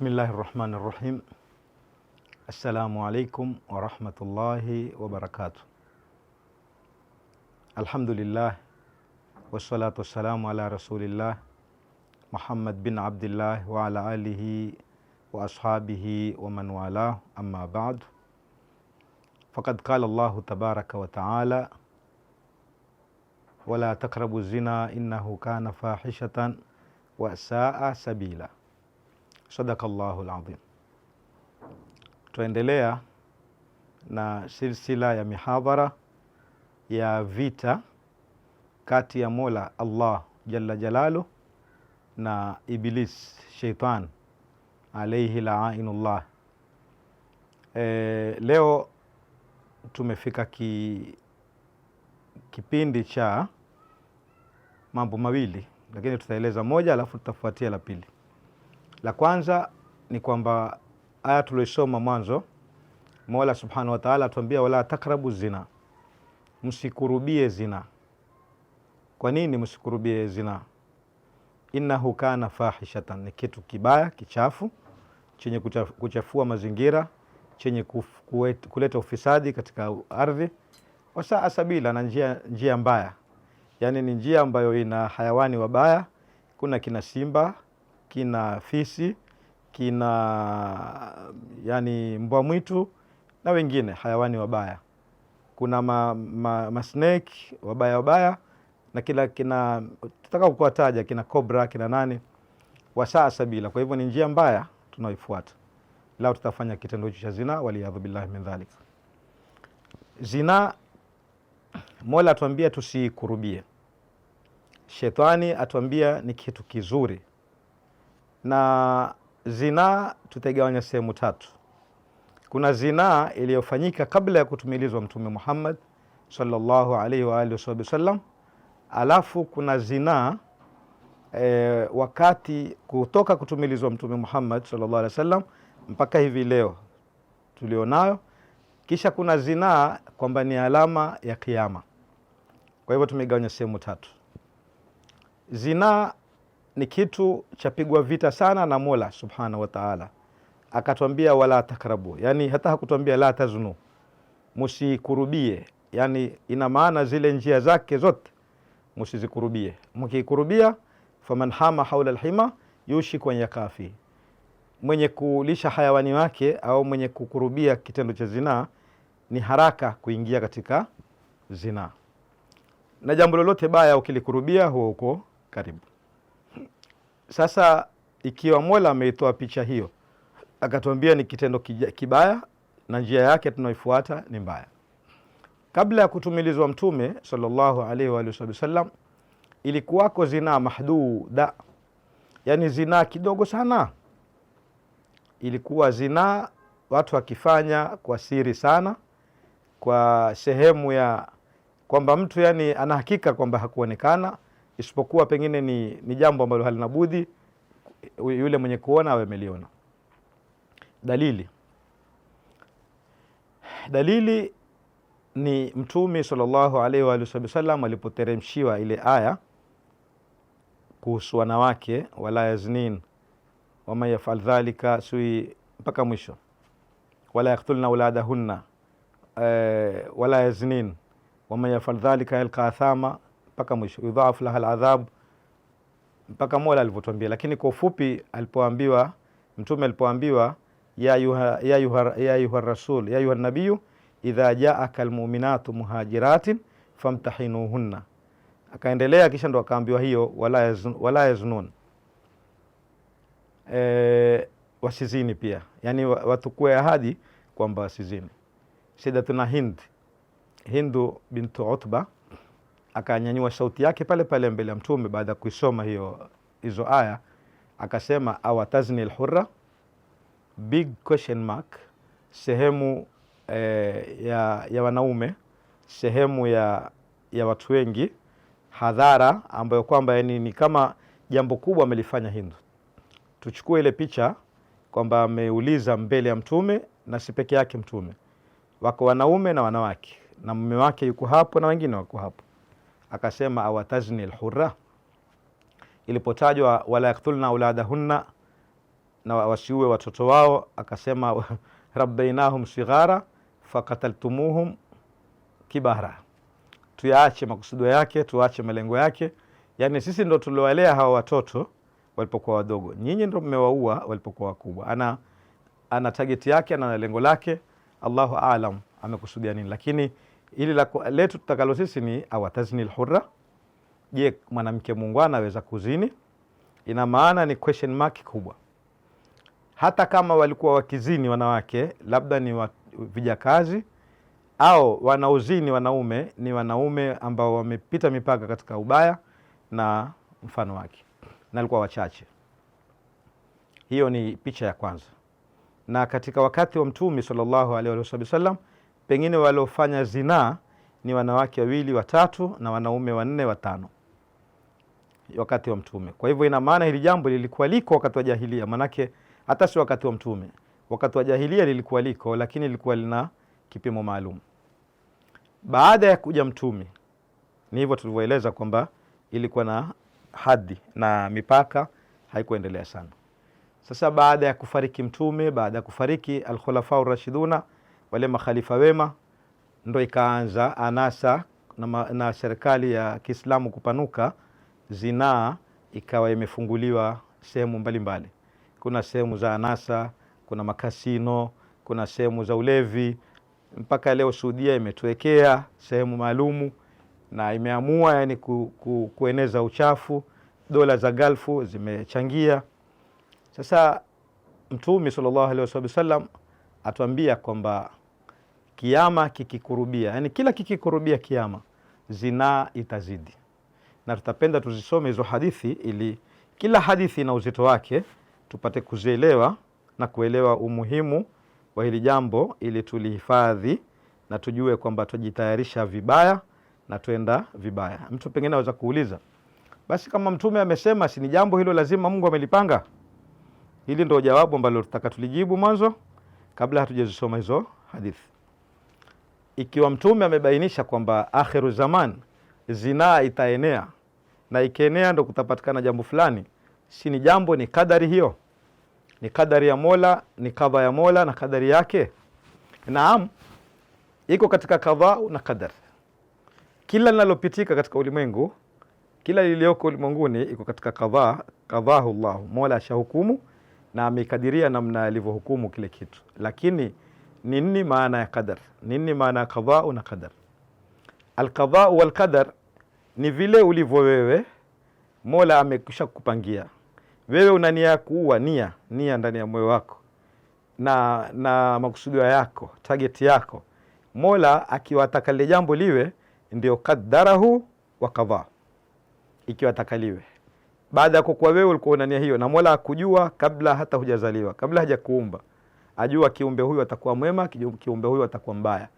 بسم الله الرحمن الرحيم السلام عليكم ورحمة الله وبركاته الحمد لله والصلاة والسلام على رسول الله محمد بن عبد الله وعلى آله وأصحابه ومن والاه أما بعد فقد قال الله تبارك وتعالى ولا تقربوا الزنا إنه كان فاحشة وساء سبيلا Sadakallahu ladhim. Tuendelea na silsila ya mihadhara ya vita kati ya Mola Allah jalla jalalu na Iblis sheitan alaihi laainullah. E, leo tumefika ki, kipindi cha mambo mawili, lakini tutaeleza moja alafu tutafuatia la pili. La kwanza ni kwamba aya tulioisoma mwanzo, Mola subhanahu wa taala atuambia wala takrabu zina, msikurubie zina. Kwa nini msikurubie zina? Innahu kana fahishatan, ni kitu kibaya kichafu chenye kuchafua mazingira chenye kuleta ufisadi katika ardhi, wasaa sabila, na njia, njia mbaya, yaani ni njia ambayo ina hayawani wabaya. Kuna kina simba kina fisi, kina yani mbwa mwitu na wengine hayawani wabaya. Kuna ma, ma, ma snake wabaya wabaya na kila kina tutaka kuwataja kina cobra kina nani wasaa bila. Kwa hivyo ni njia mbaya tunaoifuata, lao tutafanya kitendo hicho cha zina, waliyadhu billahi min dhalik. Zina Mola atuambia tusiikurubie, shetani atuambia ni kitu kizuri na zinaa tutaigawanya sehemu tatu. Kuna zinaa iliyofanyika kabla ya kutumilizwa Mtume Muhammad sallallahu alaihi wa alihi wasallam, alafu kuna zinaa e, wakati kutoka kutumilizwa Mtume Muhammad sallallahu alaihi wasallam mpaka hivi leo tulionayo. Kisha kuna zinaa kwamba ni alama ya Kiyama. Kwa hivyo tumegawanya sehemu tatu zinaa ni kitu chapigwa vita sana na Mola subhanahu wa taala, akatwambia wala takrabu, yani hata hakutwambia la taznu, musikurubie. Yani ina maana zile njia zake zote musizikurubie, mkiikurubia faman hama haula lhima yushiku an yakafi, mwenye kulisha hayawani wake au mwenye kukurubia kitendo cha zinaa ni haraka kuingia katika zinaa, na jambo lolote baya ukilikurubia huwa uko karibu sasa ikiwa Mola ameitoa picha hiyo akatuambia ni kitendo kibaya na njia yake tunaoifuata ni mbaya. Kabla ya kutumilizwa Mtume sallallahu alaihi wa alihi wasallam, ilikuwako zinaa mahduda, yani zinaa kidogo sana. Ilikuwa zinaa watu wakifanya kwa siri sana, kwa sehemu ya kwamba mtu yani ana hakika kwamba hakuonekana isipokuwa pengine ni, ni jambo ambalo halina budi yule mwenye kuona awe ameliona. Dalili, dalili ni Mtume sallallahu alaihi wa alihi wasallam alipoteremshiwa ile aya kuhusu wanawake, wala yaznin waman yafal dhalika sui mpaka mwisho, wala yaktulna auladahunna e, wala yaznin waman yafal dhalika yalqa athama mpaka mwisho, yudhaafu laha aladhabu, mpaka Mola alivyotuambia. Lakini kwa ufupi, alipoambiwa mtume alipoambiwa ya yuha rasul ya yuha nabiyu idha jaaka almuminatu muhajiratin famtahinuhunna, akaendelea kisha ndo akaambiwa hiyo wala yaznun e, wasizini pia, yani watukue ahadi kwamba wasizini. Sidatuna Hind, Hindu bintu Utba akanyanyua sauti yake pale pale mbele ya Mtume baada ya kuisoma hiyo hizo aya akasema, awatazni lhura big question mark, sehemu eh, ya, ya wanaume sehemu ya, ya watu wengi, hadhara ambayo kwamba yani ni kama jambo kubwa amelifanya Hindu. Tuchukue ile picha kwamba ameuliza mbele ya Mtume na si peke yake Mtume, wako wanaume na wanawake na mume wake yuko hapo na wengine wako hapo akasema awatazni lhura ilipotajwa wala yaktulna auladahunna, na wasiue watoto wao, akasema rabbainahum sighara fakataltumuhum kibara. Tuyaache makusudio yake, tuache malengo yake. Yani sisi ndo tuliwalea hawa watoto walipokuwa wadogo, nyinyi ndo mmewaua walipokuwa wakubwa. Ana, ana tageti yake, ana lengo lake. Allahu alam amekusudia nini, lakini ili la letu tutakalo sisi ni awatazni lhurra, je, mwanamke muungwana anaweza kuzini? Ina maana ni question mark kubwa. Hata kama walikuwa wakizini wanawake, labda ni vijakazi au wanauzini wanaume, ni wanaume ambao wamepita mipaka katika ubaya na mfano wake, na alikuwa wachache. Hiyo ni picha ya kwanza. Na katika wakati wa Mtume sallallahu alaihi wasallam pengine waliofanya zinaa ni wanawake wawili watatu na wanaume wanne watano wakati wa Mtume. Kwa hivyo ina maana hili jambo lilikuwa liko wakati wa jahilia, manake hata si wakati wa Mtume. Wakati wa jahilia lilikuwa liko, lakini lilikuwa lina kipimo maalum. Baada ya kuja Mtume, ni hivyo tulivyoeleza kwamba ilikuwa na hadhi na mipaka, haikuendelea sana. Sasa baada ya kufariki Mtume, baada ya kufariki alkhulafau rashiduna wale makhalifa wema, ndo ikaanza anasa na, na serikali ya Kiislamu kupanuka, zinaa ikawa imefunguliwa sehemu mbalimbali. Kuna sehemu za anasa, kuna makasino, kuna sehemu za ulevi. Mpaka leo Saudia imetuwekea sehemu maalumu na imeamua yani ku, ku, kueneza uchafu. Dola za Galfu zimechangia. Sasa Mtume sallallahu alaihi wasallam atuambia kwamba kiama kikikurubia, yani kila kikikurubia kiama, zinaa itazidi, na tutapenda tuzisome hizo hadithi ili kila hadithi na uzito wake tupate kuzielewa na kuelewa umuhimu wa hili jambo, ili tulihifadhi na tujue kwamba tujitayarisha vibaya na tuenda vibaya. Mtu pengine anaweza kuuliza, basi kama mtume amesema, si ni jambo hilo lazima Mungu amelipanga? Hili ndio jawabu ambalo tutaka tulijibu mwanzo kabla hatujazisoma hizo hadithi ikiwa Mtume amebainisha kwamba akhiru zaman zinaa itaenea na ikienea ndo kutapatikana jambo fulani, si ni jambo, ni kadari hiyo, ni kadari ya Mola, ni kadha ya Mola na kadari yake. Naam, iko katika kadha na kadar Kila linalopitika katika ulimwengu, kila liliyoko ulimwenguni iko katika kadha, kadhahu Allahu, Mola ashahukumu na amekadiria namna alivyohukumu kile kitu, lakini nini maana ya qadar? Nini maana ya kadhau na qadar? Alqadhau wal qadar ni vile ulivyo wewe, Mola amekwisha kupangia wewe, una nia ya kuua, nia nia ndani ya moyo wako na, na makusudio yako, target yako. Mola akiwataka lile jambo liwe ndio kadarahu wa kadhaa, ikiwa takaliwe baada ya kukuwa wewe ulikuwa una nia hiyo, na Mola akujua kabla hata hujazaliwa, kabla hajakuumba ajua kiumbe huyu atakuwa mwema, kiumbe huyu atakuwa mbaya.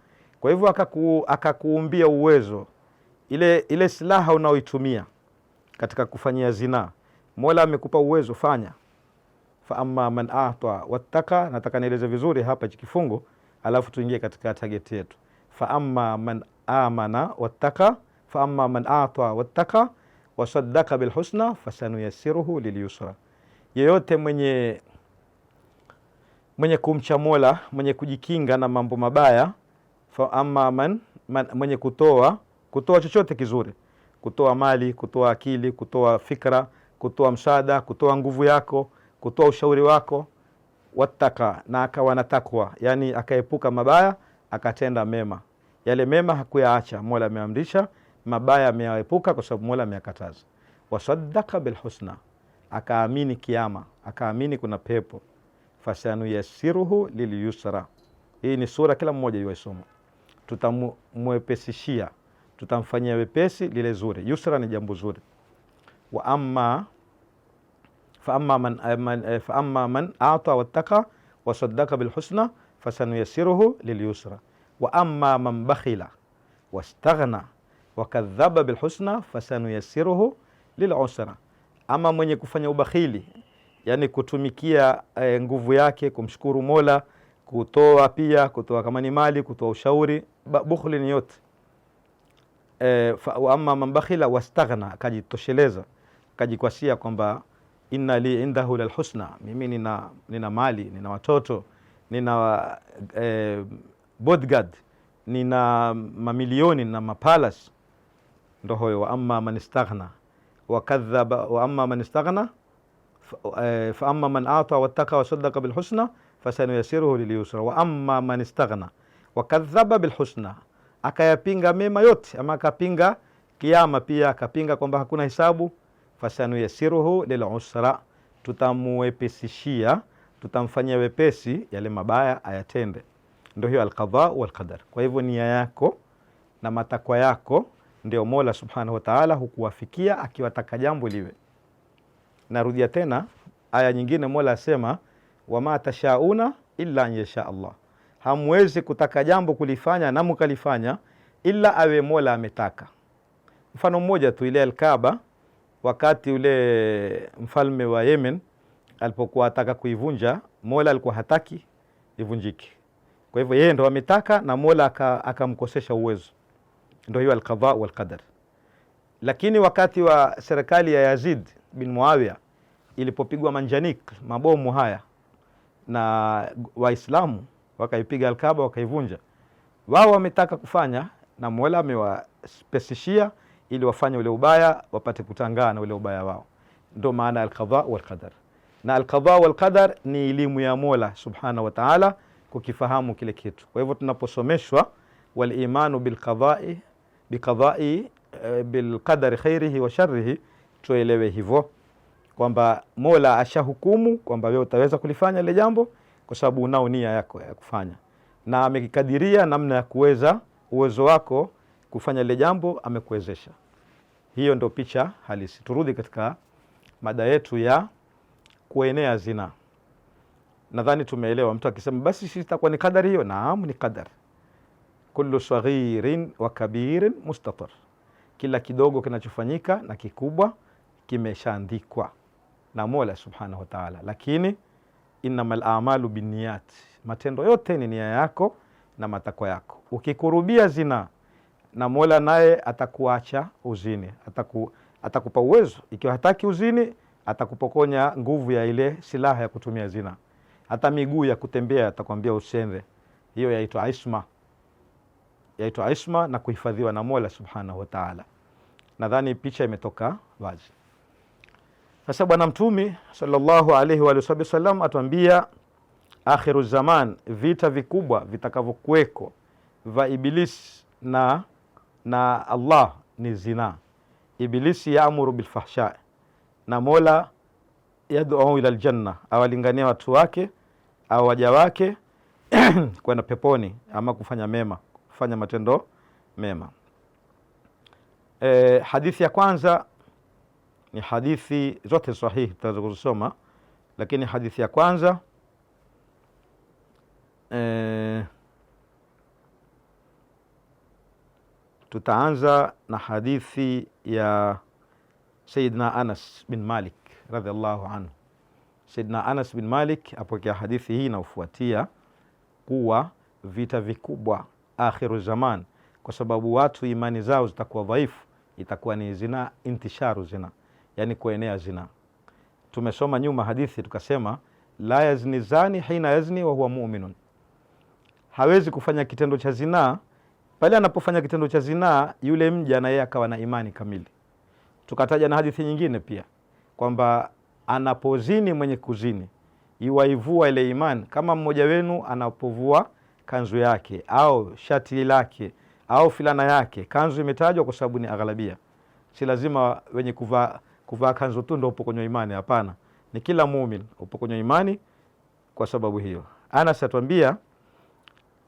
Kwa hivyo akaku, akakuumbia uwezo, ile, ile silaha unaoitumia katika kufanyia zinaa, Mola amekupa uwezo, fanya fa amma man ahta wattaka. Nataka nieleze vizuri hapa hichi kifungo, alafu tuingie katika target yetu. Fa amma man amana wattaka fa amma man ahta wattaka wasaddaka bilhusna fasanuyassiruhu lilyusra, yeyote mwenye mwenye kumcha Mola, mwenye kujikinga na mambo mabaya. Fa amma man, man, mwenye kutoa kutoa chochote kizuri, kutoa mali, kutoa akili, kutoa fikra, kutoa msaada, kutoa nguvu yako, kutoa ushauri wako, wataka na akawa na takwa, yani akaepuka mabaya akatenda mema. Yale mema hakuyaacha, Mola ameamrisha, mabaya ameyaepuka kwa sababu Mola ameyakataza. Wasaddaka bilhusna, akaamini kiama, akaamini kuna pepo fasanuyasiruhu lilyusra. Hii ni sura kila mmoja iwaisoma, tutamwepesishia, tutamfanyia wepesi lile zuri. Yusra ni jambo zuri. Wa amma fa amma man, eh, man, eh, fa amma man ata wattaqa wasaddaka bilhusna fasanuyasiruhu lilyusra wa amma man bakhila wastaghna wakadhaba bilhusna fasanuyasiruhu lilusra, ama mwenye kufanya ubakhili yani kutumikia e, nguvu yake, kumshukuru Mola, kutoa pia, kutoa kama ni mali, kutoa ushauri. Bukhli ni yote e, wa amma man bakhila wastaghna, akajitosheleza akajikwasia kwamba inna li indahu lal husna, mimi nina, nina mali nina watoto nina e, bodyguard nina mamilioni na mapalas, ndo hoyo. Wa amma man istaghna wa kadhaba wa amma man istaghna faama man ata واتقى وصدق bilhusna fasanuyasiruhu lilyusra waama man استغنى wakadhaba bilhusna, akayapinga mema yote, ama akapinga kiama pia, akapinga kwamba hakuna hisabu. Fasanuyasiruhu lilusra, tutamwepesishia tutamfanyia wepesi yale mabaya ayatende. Ndio hiyo alqadha walqadar. Kwa hivyo nia yako na matakwa yako ndio Mola subhanahu wa taala hukuwafikia akiwataka jambo liwe Narudia tena aya nyingine, Mola asema wama tashauna illa an yasha Allah, hamwezi kutaka jambo kulifanya na mkalifanya ila awe Mola ametaka. Mfano mmoja tu, ile alkaba wakati ule mfalme wa Yemen alipokuwa ataka kuivunja, Mola alikuwa hataki ivunjike. Kwa hivyo yeye ndo ametaka na Mola akamkosesha uwezo, ndo hiyo alqadha wal qadar. Lakini wakati wa serikali ya Yazid bin Muawiya ilipopigwa Manjanik mabomu haya na Waislamu wakaipiga Alkaba wakaivunja, wao wametaka kufanya na Mola amewaspesishia ili wafanye ule ubaya wapate kutangana ule ubaya wao. Ndio maana alqadha walqadar, na alqadha walqadar ni elimu ya Mola subhanahu wa taala, kukifahamu kile kitu. Kwa hivyo tunaposomeshwa walimanu bilqadai eh, bilqadari khairihi wa sharrihi, tuelewe hivyo kwamba Mola ashahukumu kwamba wewe utaweza kulifanya ile jambo kwa sababu unao nia yako ya kufanya, na amekikadiria namna ya kuweza uwezo wako kufanya ile jambo, amekuwezesha. Hiyo ndio picha halisi. Turudi katika mada yetu ya kuenea zina. Nadhani tumeelewa. Mtu akisema basi sisi itakuwa ni kadari hiyo, naam, ni kadari. Kullu saghirin wa kabirin mustatir, kila kidogo kinachofanyika na kikubwa kimeshaandikwa na Mola subhanahu wa taala, lakini innamal amalu binniyat, matendo yote ni nia yako na matakwa yako. Ukikurubia zina na Mola naye atakuacha uzini, ataku, atakupa uwezo. Ikiwa hataki uzini, atakupokonya nguvu ya ile silaha ya kutumia zina, hata miguu ya kutembea atakwambia usende. Hiyo yaitwa isma, yaitwa isma na kuhifadhiwa na Mola subhanahu wa taala. Nadhani picha imetoka wazi. Sasa Bwana Mtume sallallahu alaihi wa alihi wasallam atuambia akhiru zaman, vita vikubwa vitakavyokuweko va Ibilisi na, na Allah ni zina. Ibilisi yaamuru bilfahsha na Mola yaduu ila ljanna awalingania watu wake au waja wake kwenda peponi ama kufanya mema, kufanya matendo mema. E, hadithi ya kwanza ni hadithi zote sahihi tunazozisoma, lakini hadithi ya kwanza e, tutaanza na hadithi ya Sayyidina Anas bin Malik radhiallahu anhu. Sayyidina Anas bin Malik apokea hadithi hii inaofuatia kuwa vita vikubwa akhiru zaman, kwa sababu watu imani zao zitakuwa dhaifu, itakuwa ni zina intisharu zina yani kuenea zina. Tumesoma nyuma hadithi tukasema, la yazni zani hina yazni wa huwa mu'minun, hawezi kufanya kitendo cha zinaa pale anapofanya kitendo cha zinaa yule mja na yeye akawa na imani kamili. Tukataja na hadithi nyingine pia kwamba anapozini mwenye kuzini iwaivua ile imani, kama mmoja wenu anapovua kanzu yake au shati lake au filana yake. Kanzu imetajwa kwa sababu ni aghalabia, si lazima wenye kuvaa kuvaa kanzu tu ndio upo kwenye imani. Hapana, ni kila muumini upo kwenye imani. Kwa sababu hiyo, Anas atuambia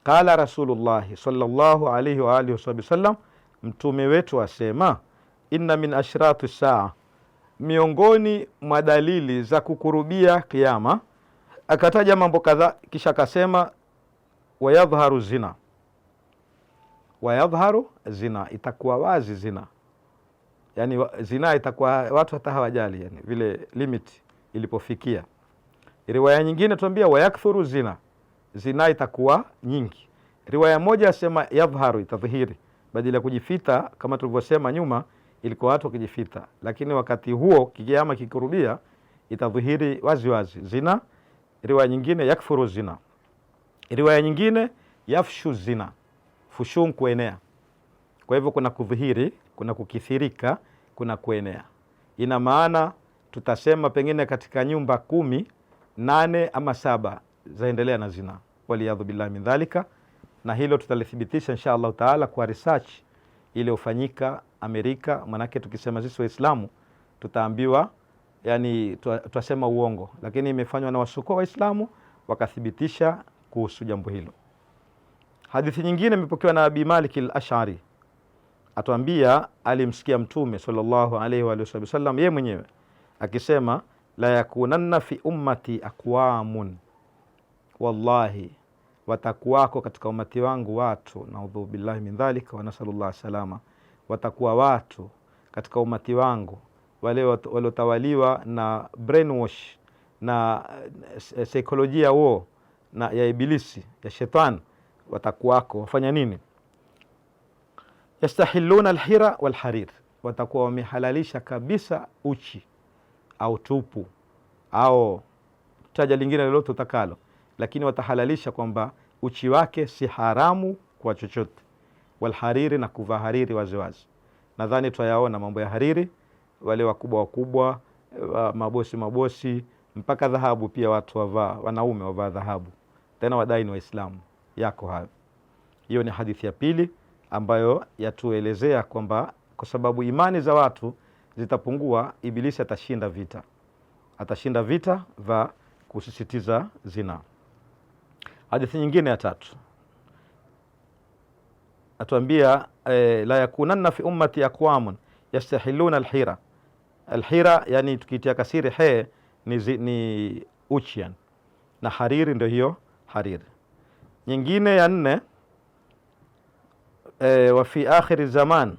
qala Rasulullahi sallallahu alayhi wa alihi wasallam, mtume wetu asema, inna min ashrati saa, miongoni mwa dalili za kukurubia kiyama. Akataja mambo kadhaa, kisha akasema wayadhharu zina, wayadhharu zina, itakuwa wazi zina yani zinaa itakuwa watu hata hawajali yani, vile limit ilipofikia. Riwaya nyingine tuambia wayakthuru zina, zinaa itakuwa nyingi. Riwaya moja asema yadhharu, itadhihiri, badala ya kujifita kama tulivyosema nyuma, ilikuwa watu wakijifita, lakini wakati huo kikiama kikirudia itadhihiri wazi wazi zina. Riwaya nyingine yakthuru zina, riwaya nyingine yafshu zina, fushun kuenea kwa hivyo kuna kudhihiri, kuna kukithirika, kuna kuenea. Ina maana tutasema pengine katika nyumba kumi, nane ama saba zaendelea na zina, waliyadhu billahi min dhalika. Na hilo tutalithibitisha insha allahu taala kwa research iliyofanyika Amerika, manake tukisema sisi Waislamu tutaambiwa yani, tutasema uongo, lakini imefanywa na wasukua Waislamu wakathibitisha kuhusu jambo hilo. Hadithi nyingine imepokewa na Abi Malik al-Ash'ari atuambia alimsikia Mtume sallallahu alaihi wa sallam yeye mwenyewe akisema, la yakunanna fi ummati aqwamun wallahi, watakuwako katika umati wangu watu, naudhu billahi min dhalika wa nasalullah salama, watakuwa watu katika umati wangu wale waliotawaliwa na brainwash na eh, eh, saikolojia huo na ya Ibilisi ya shetani, watakuwako wafanya nini? yastahiluna alhira walharir, watakuwa wamehalalisha kabisa uchi au tupu au taja lingine lolote utakalo, lakini watahalalisha kwamba uchi wake si haramu kwa chochote. Walhariri, na kuvaa hariri waziwazi. Nadhani twayaona mambo ya hariri, wale wakubwa wakubwa, mabosi mabosi, mpaka dhahabu pia watu wavaa, wanaume wavaa dhahabu, tena wadai ni Waislamu. Yako hayo. Hiyo ni hadithi ya pili ambayo yatuelezea kwamba kwa sababu imani za watu zitapungua, Ibilisi atashinda vita, atashinda vita vya kusisitiza zina. Hadithi nyingine ya tatu atuambia e, la yakunanna fi ummati aqwamun yastahiluna alhira alhira, yani tukiitia kasiri he ni, ni uchian na hariri, ndio hiyo hariri nyingine ya nne Eh, wa fi akhiri zaman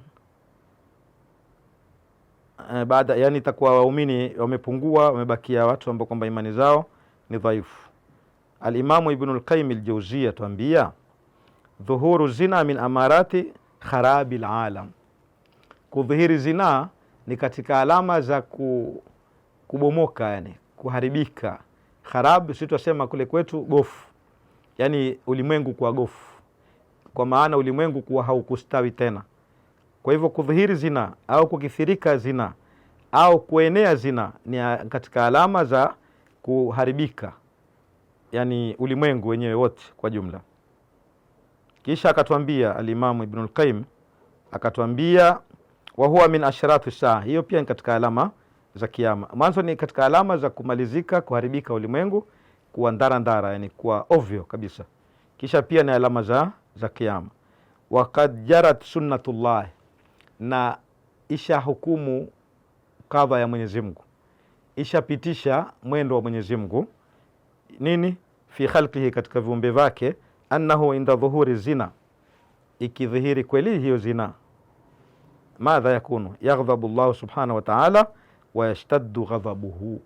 e, baada yani itakuwa waumini wamepungua, wamebakia watu ambao kwamba imani zao ni dhaifu. Alimamu Ibnu lqaimi Aljauzia tuambia dhuhuru zina min amarati kharabi lalam kudhihiri zina ni katika alama za ku, kubomoka yani kuharibika. Kharab si twasema kule kwetu gofu, yani ulimwengu kwa gofu kwa maana ulimwengu kuwa haukustawi tena. Kwa hivyo kudhihiri zina au kukithirika zina au kuenea zina ni katika alama za kuharibika, yani ulimwengu wenyewe wote kwa jumla. Kisha akatwambia alimamu Ibnul Qayyim akatuambia, wa huwa min ashratu saa, hiyo pia ni katika alama za kiama Mwanzo ni katika alama za kumalizika, kuharibika ulimwengu, kuwa ndarandara, yani kuwa ovyo kabisa. Kisha pia ni alama za za kiama. Wakad jarat sunnatullahi, na isha hukumu kadha ya Mwenyezi Mungu, ishapitisha mwendo wa Mwenyezi Mungu nini fi khalqihi, katika viumbe vyake, annahu inda dhuhuri zina, ikidhihiri kweli hiyo zina, madha yakunu yaghdhabu llahu subhanahu wa ta'ala wa yashtaddu ghadhabuhu,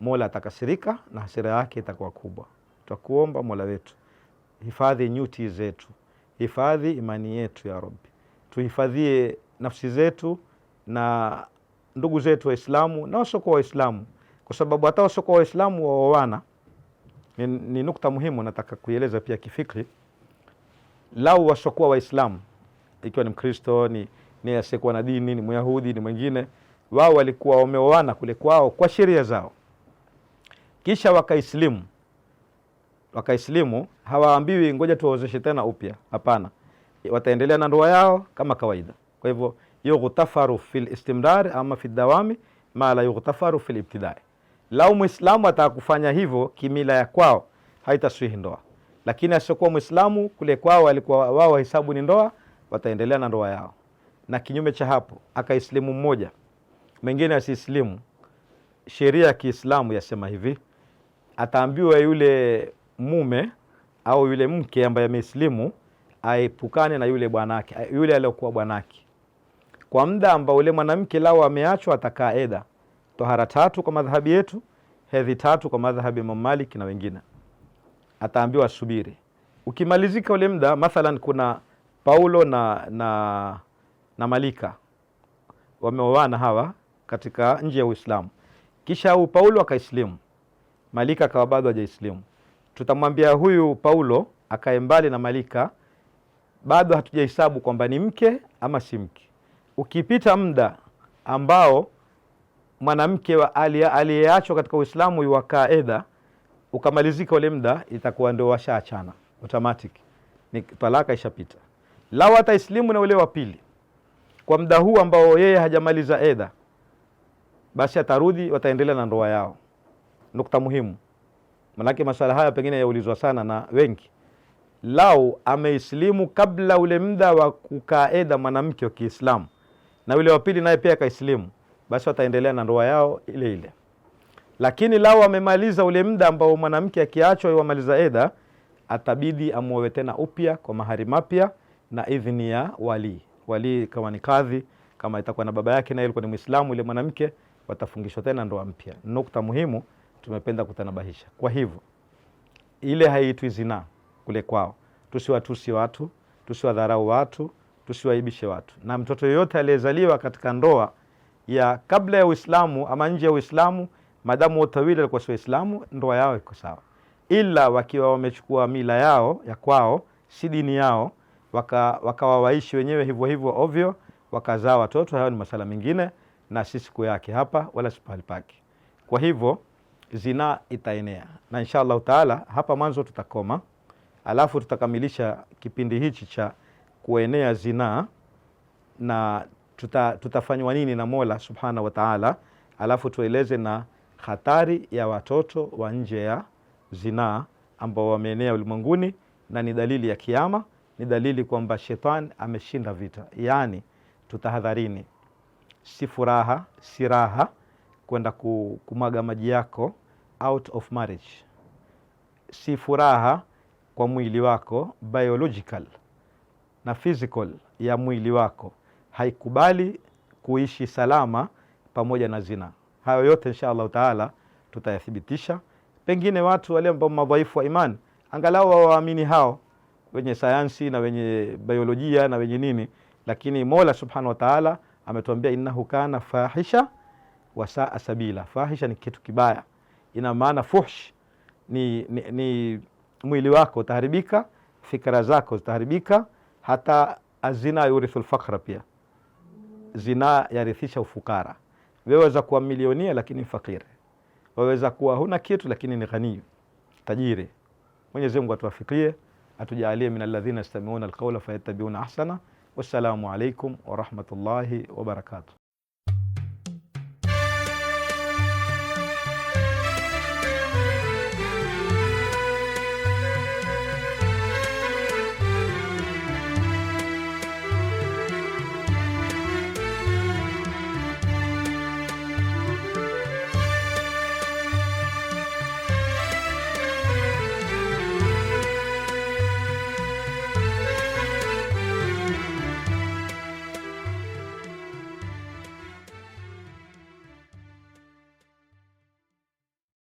Mola atakasirika na hasira yake itakuwa kubwa. Twakuomba Mola wetu hifadhi nyuti zetu, hifadhi imani yetu ya Rabbi, tuhifadhie nafsi zetu na ndugu zetu Waislamu na wasiokuwa Waislamu, kwa sababu hata wasiokuwa Waislamu waowana. Ni, ni nukta muhimu nataka kuieleza pia kifikri. Lau wasiokuwa Waislamu, ikiwa ni Mkristo, ni ni asiyekuwa na dini, ni Myahudi, ni mwingine, wao walikuwa wameoana kule kwao kwa sheria zao, kisha wakaislimu wakaislimu hawaambiwi ngoja tuwaozeshe tena upya. Hapana, wataendelea na ndoa yao kama kawaida. Kwa hivyo yughtafaru fil istimrar ama fi dawami ma la yughtafaru fil ibtidai. Lau Muislamu atakufanya hivyo kimila ya kwao, haitaswihi ndoa, lakini asiokuwa Muislamu kule kwao alikuwa wao wahesabu ni ndoa, wataendelea na ndoa yao. Na kinyume cha hapo akaislimu mmoja, mwingine asiislimu, sheria ya Kiislamu yasema hivi, ataambiwa yule mume au yule mke ambaye amesilimu aepukane na yule bwanake, yule aliyokuwa bwanake kwa muda ambao yule mwanamke lao ameachwa, atakaa eda tohara tatu kwa madhhabi yetu, hedhi tatu kwa madhhabi ya Imam Malik na wengine. Ataambiwa asubiri. Ukimalizika ule muda, mathalan kuna Paulo na, na, na Malika wameoana hawa katika nje ya Uislamu, kisha Paulo akaislimu, Malika akawa bado hajaislimu tutamwambia huyu Paulo akae mbali na Malika, bado hatujahesabu kwamba ni mke ama si mke. Ukipita muda ambao mwanamke aliyeachwa katika Uislamu iwakaa edha ukamalizika ule muda, itakuwa ndio washaachana automatic, ni talaka ishapita. Lau ataislimu na ule wa pili kwa muda huu ambao yeye hajamaliza edha, basi atarudi, wataendelea na ndoa yao. Nukta muhimu manake masala haya pengine yaulizwa sana na wengi. Lau ameislimu kabla ule muda wa kukaeda mwanamke wa Kiislamu na yule wa pili naye pia akaisilimu, basi wataendelea na ndoa yao ile ile. Lakini lau amemaliza ule muda ambao mwanamke akiachwa wamaliza eda, atabidi amuowe tena upya kwa mahari mapya na idhini ya wali wali, kama ni kadhi, kama itakuwa na baba yake naye alikuwa ni Muislamu, ile mwanamke watafungishwa tena ndoa mpya. Nukta muhimu tumependa kutanabahisha. Kwa hivyo ile haiitwi zinaa kule kwao. Tusiwatusi watu, tusiwadharau watu, tusiwaibishe watu, na mtoto yeyote aliyezaliwa katika ndoa ya kabla ya Uislamu ama nje ya Uislamu, madamu wote wawili walikuwa si Waislamu, ndoa yao iko sawa, ila wakiwa wamechukua mila yao ya kwao, si dini yao, wakawa waka waishi wenyewe hivyo hivyo ovyo, wakazaa watoto, hayo ni masala mengine, na si siku yake hapa, wala si pahali pake. Kwa hivyo zinaa itaenea, na insha allahu taala hapa mwanzo tutakoma, alafu tutakamilisha kipindi hichi cha kuenea zinaa na tuta, tutafanywa nini na Mola subhanahu wa taala, alafu tueleze na hatari ya watoto wa nje ya zinaa ambao wameenea ulimwenguni na ni dalili ya kiama, ni dalili kwamba shetani ameshinda vita. Yaani tutahadharini, si furaha si raha kwenda kumwaga maji yako out of marriage, si furaha kwa mwili wako biological na physical ya mwili wako haikubali kuishi salama pamoja na zina. Hayo yote insha Allahu taala tutayathibitisha, pengine watu wale ambao madhaifu wa imani angalau wawaamini hao wenye sayansi na wenye biolojia na wenye nini, lakini Mola subhanahu wa taala ametuambia innahu kana fahisha saa sabila. Fahisha ni kitu kibaya, ina maana fuhsh ni, ni, ni mwili wako utaharibika, fikra zako zitaharibika, hata azina yurithu lfakra, pia zina yarithisha ufukara. Weweza kuwa milionia lakini fakiri, waweza kuwa huna kitu lakini ni ghanii tajiri. Mwenyezi Mungu atuwafikie, atujalie min alladhina yastamiuna alqawla fayattabiuna ahsana. Wassalamu alaikum warahmatullahi wabarakatuh.